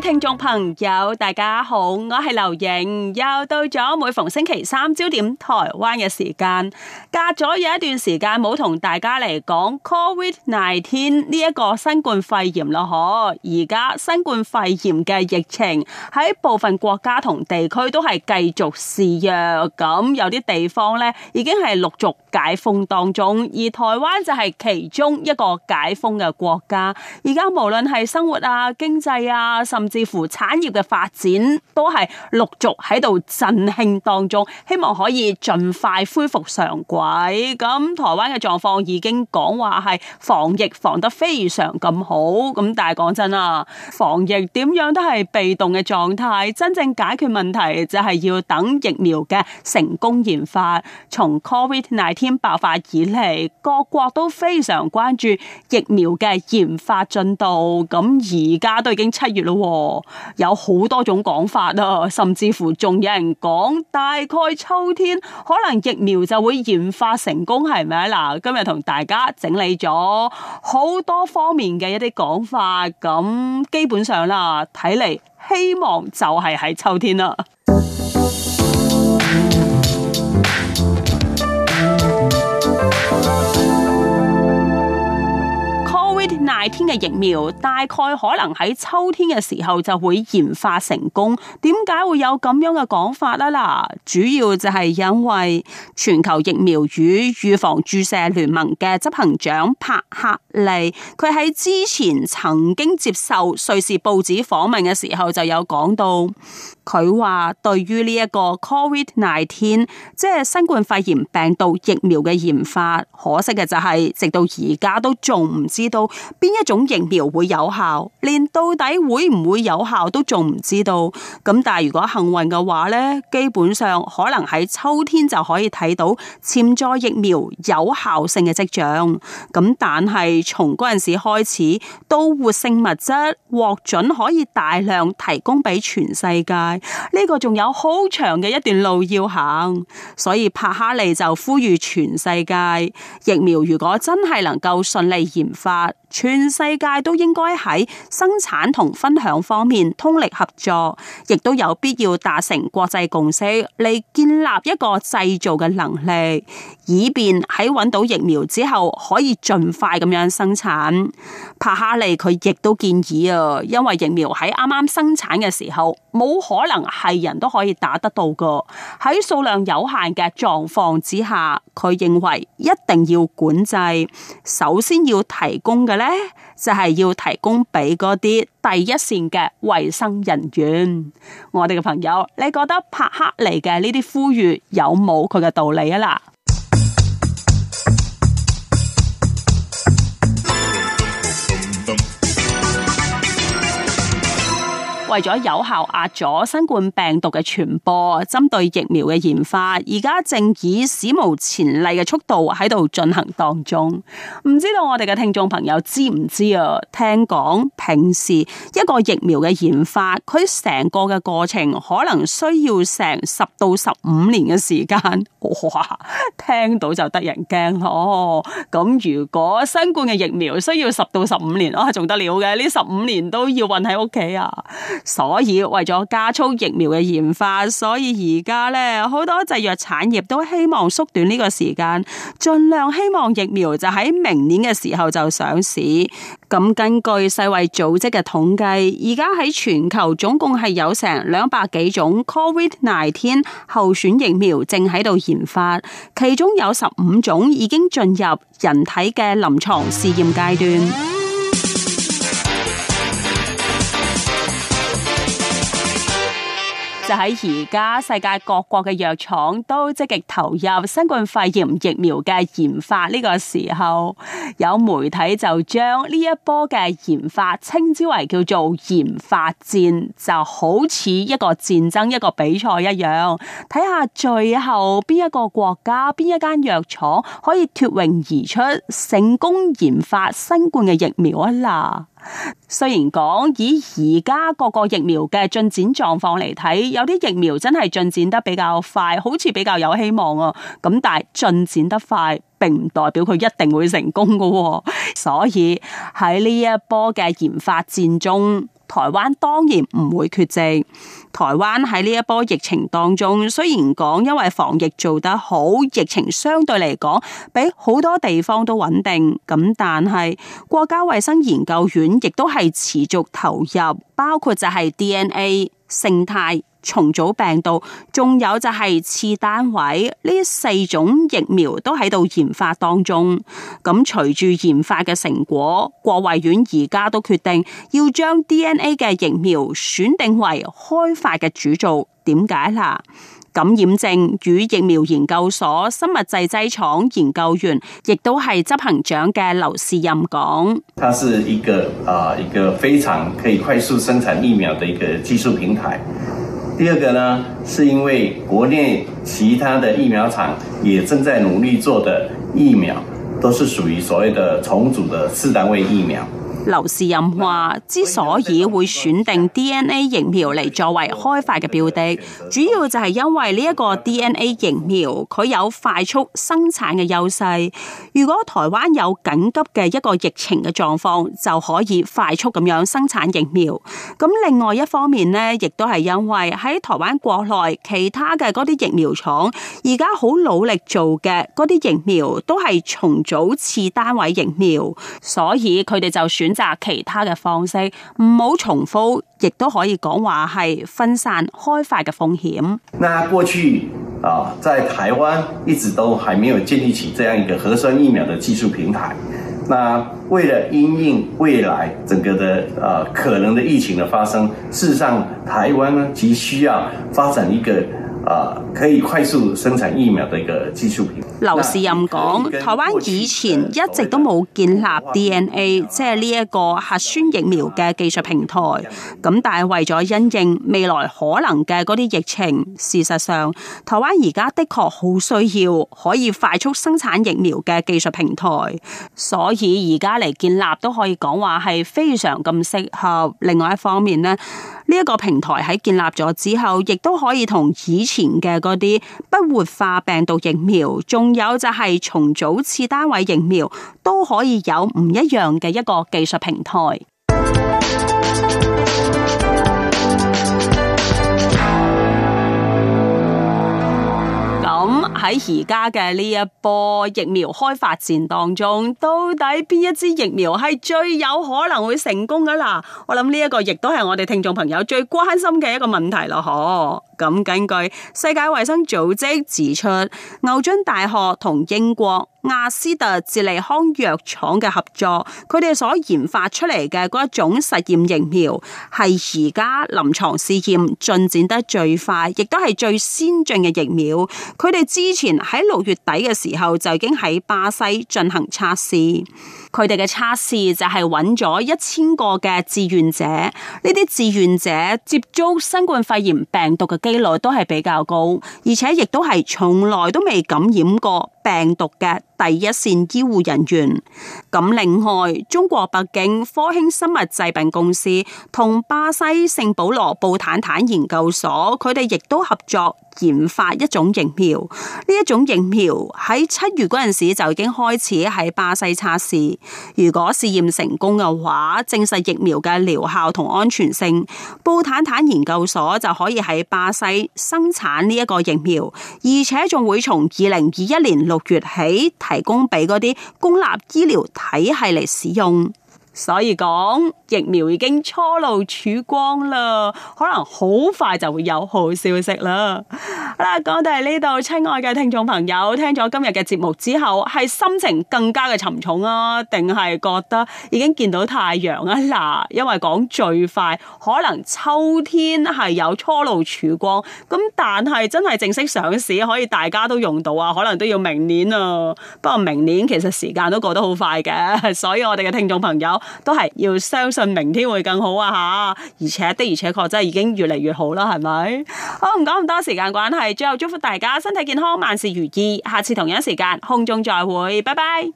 聽眾朋友，大家好，我係劉瑩，又到咗每逢星期三焦點台灣嘅時間。隔咗有一段時間冇同大家嚟講 COVID-19 呢一個新冠肺炎咯嗬，而家新冠肺炎嘅疫情喺部分國家同地區都係繼續肆虐，咁有啲地方咧已經係陸續解封當中，而台灣就係其中一個解封嘅國家。而家無論係生活啊、經濟啊，甚至乎產業嘅發展，都係陸續喺度振興當中。希望可以盡快恢復常軌。咁台灣嘅狀況已經講話係防疫防得非常咁好。咁但係講真啊，防疫點樣都係被動嘅狀態。真正解決問題就係要等疫苗嘅成功研發，從 Covid nineteen。19天爆發以嚟，各國都非常關注疫苗嘅研發進度。咁而家都已經七月咯，有好多種講法啦，甚至乎仲有人講，大概秋天可能疫苗就會研發成功，係咪啊？嗱，今日同大家整理咗好多方面嘅一啲講法，咁基本上啦，睇嚟希望就係喺秋天啦。嘅疫苗大概可能喺秋天嘅時候就會研發成功。點解會有咁樣嘅講法啊？嗱，主要就係因為全球疫苗與預防注射聯盟嘅執行長柏克利，佢喺之前曾經接受瑞士報紙訪問嘅時候就有講到，佢話對於呢一個 COVID nineteen，即係新冠肺炎病毒疫苗嘅研發，可惜嘅就係直到而家都仲唔知道邊一種。疫苗會有效，連到底會唔會有效都仲唔知道。咁但係如果幸運嘅話咧，基本上可能喺秋天就可以睇到潛在疫苗有效性嘅跡象。咁但係從嗰陣時開始，都活性物質獲准可以大量提供俾全世界，呢個仲有好長嘅一段路要行。所以帕克利就呼籲全世界，疫苗如果真係能夠順利研發，全世。世界都應該喺生產同分享方面通力合作，亦都有必要達成國際共識，嚟建立一個製造嘅能力，以便喺揾到疫苗之後可以盡快咁樣生產。拍下嚟，佢亦都建議啊，因為疫苗喺啱啱生產嘅時候冇可能係人都可以打得到㗎，喺數量有限嘅狀況之下，佢認為一定要管制。首先要提供嘅呢，就是要提供俾嗰啲第一線嘅衛生人員，我哋嘅朋友，你覺得帕克嚟嘅呢啲呼籲有冇佢嘅道理啊？為咗有效壓咗新冠病毒嘅傳播，針對疫苗嘅研發，而家正以史無前例嘅速度喺度進行當中。唔知道我哋嘅聽眾朋友知唔知啊？聽講平時一個疫苗嘅研發，佢成個嘅過程可能需要成十到十五年嘅時間。哇，聽到就得人驚咯！咁、哦、如果新冠嘅疫苗需要十到十五年，我、啊、仲得了嘅。呢十五年都要韫喺屋企啊！所以為咗加速疫苗嘅研發，所以而家咧，好多製藥產業都希望縮短呢個時間，盡量希望疫苗就喺明年嘅時候就上市。咁根據世衛組織嘅統計，而家喺全球總共係有成兩百幾種 COVID-19 候選疫苗正喺度研發，其中有十五種已經進入人體嘅臨床試驗階段。就喺而家，在在世界各國嘅藥廠都積極投入新冠肺炎疫苗嘅研發呢個時候，有媒體就將呢一波嘅研發稱之為叫做研發戰，就好似一個戰爭、一個比賽一樣，睇下最後邊一個國家、邊一間藥廠可以脱穎而出，成功研發新冠嘅疫苗吖啦。雖然講，以而家個個疫苗嘅進展狀況嚟睇，有啲疫苗真係進展得比較快，好似比較有希望啊。咁但係進展得快，並唔代表佢一定會成功噶。所以喺呢一波嘅研發戰中。台灣當然唔會缺席。台灣喺呢一波疫情當中，雖然講因為防疫做得好，疫情相對嚟講比好多地方都穩定。咁但係國家衛生研究院亦都係持續投入，包括就係 DNA 生態。重組病毒，仲有就係次單位，呢四種疫苗都喺度研發當中。咁隨住研發嘅成果，國衛院而家都決定要將 DNA 嘅疫苗選定為開發嘅主造。點解啦？感染症與疫苗研究所生物製劑廠研究員，亦都係執行長嘅劉士任講：它是一個啊、呃、一個非常可以快速生產疫苗嘅一個技術平台。第二個呢，是因為國內其他的疫苗廠也正在努力做的疫苗，都是屬於所謂的重組的次單位疫苗。劉士任話，之所以會選定 DNA 疫苗嚟作為開發嘅標的，主要就係因為呢一個 DNA 疫苗佢有快速生產嘅優勢。如果台灣有緊急嘅一個疫情嘅狀況，就可以快速咁樣生產疫苗。咁另外一方面咧，亦都係因為喺台灣國內其他嘅嗰啲疫苗廠而家好努力做嘅嗰啲疫苗都係重組次單位疫苗，所以佢哋就選。選擇其他嘅方式，唔好重複，亦都可以講話係分散開發嘅風險。那過去啊，在台灣一直都還沒有建立起這樣一個核酸疫苗的技術平台。那為了因應未來整個的啊可能的疫情的發生，事實上台灣呢急需要發展一個。啊！可以快速生產疫苗嘅一個技術平台。劉士任講，台灣以前一直都冇建立 D N A，即係呢一個核酸疫苗嘅技術平台。咁但係為咗因應未來可能嘅嗰啲疫情，事實上台灣而家的確好需要可以快速生產疫苗嘅技術平台。所以而家嚟建立都可以講話係非常咁適合。另外一方面呢。呢一個平台喺建立咗之後，亦都可以同以前嘅嗰啲不活化病毒疫苗，仲有就係重組次單位疫苗，都可以有唔一樣嘅一個技術平台。喺而家嘅呢一波疫苗開發戰當中，到底邊一支疫苗係最有可能會成功噶啦？我諗呢一個亦都係我哋聽眾朋友最關心嘅一個問題咯，嗬。咁根據世界衛生組織指出，牛津大學同英國亞斯特捷利康藥廠嘅合作，佢哋所研發出嚟嘅嗰一種實驗疫苗，係而家臨床試驗進展得最快，亦都係最先進嘅疫苗。佢哋之前喺六月底嘅時候就已經喺巴西進行測試。佢哋嘅測試就係揾咗一千個嘅志願者，呢啲志願者接觸新冠肺炎病毒嘅機率都係比較高，而且亦都係從來都未感染過病毒嘅第一線醫護人員。咁另外，中國北京科興生物製品公司同巴西聖保羅布坦坦研究所，佢哋亦都合作研發一種疫苗。呢一種疫苗喺七月嗰陣時就已經開始喺巴西測試。如果試驗成功嘅話，證實疫苗嘅療效同安全性，布坦坦研究所就可以喺巴西生產呢一個疫苗，而且仲會從二零二一年。六月起提供俾嗰啲公立醫療體系嚟使用。所以講疫苗已經初露曙光啦，可能好快就會有好消息啦。好啦，講到呢度，親愛嘅聽眾朋友，聽咗今日嘅節目之後，係心情更加嘅沉重啊，定係覺得已經見到太陽啊嗱？因為講最快，可能秋天係有初露曙光，咁但係真係正式上市可以大家都用到啊，可能都要明年啊。不過明年其實時間都過得好快嘅，所以我哋嘅聽眾朋友。都係要相信明天會更好啊！吓，而且的而且確真係已經越嚟越好啦，係咪？好，唔講咁多，時間關係，最後祝福大家身體健康，萬事如意。下次同樣時間空中再會，拜拜。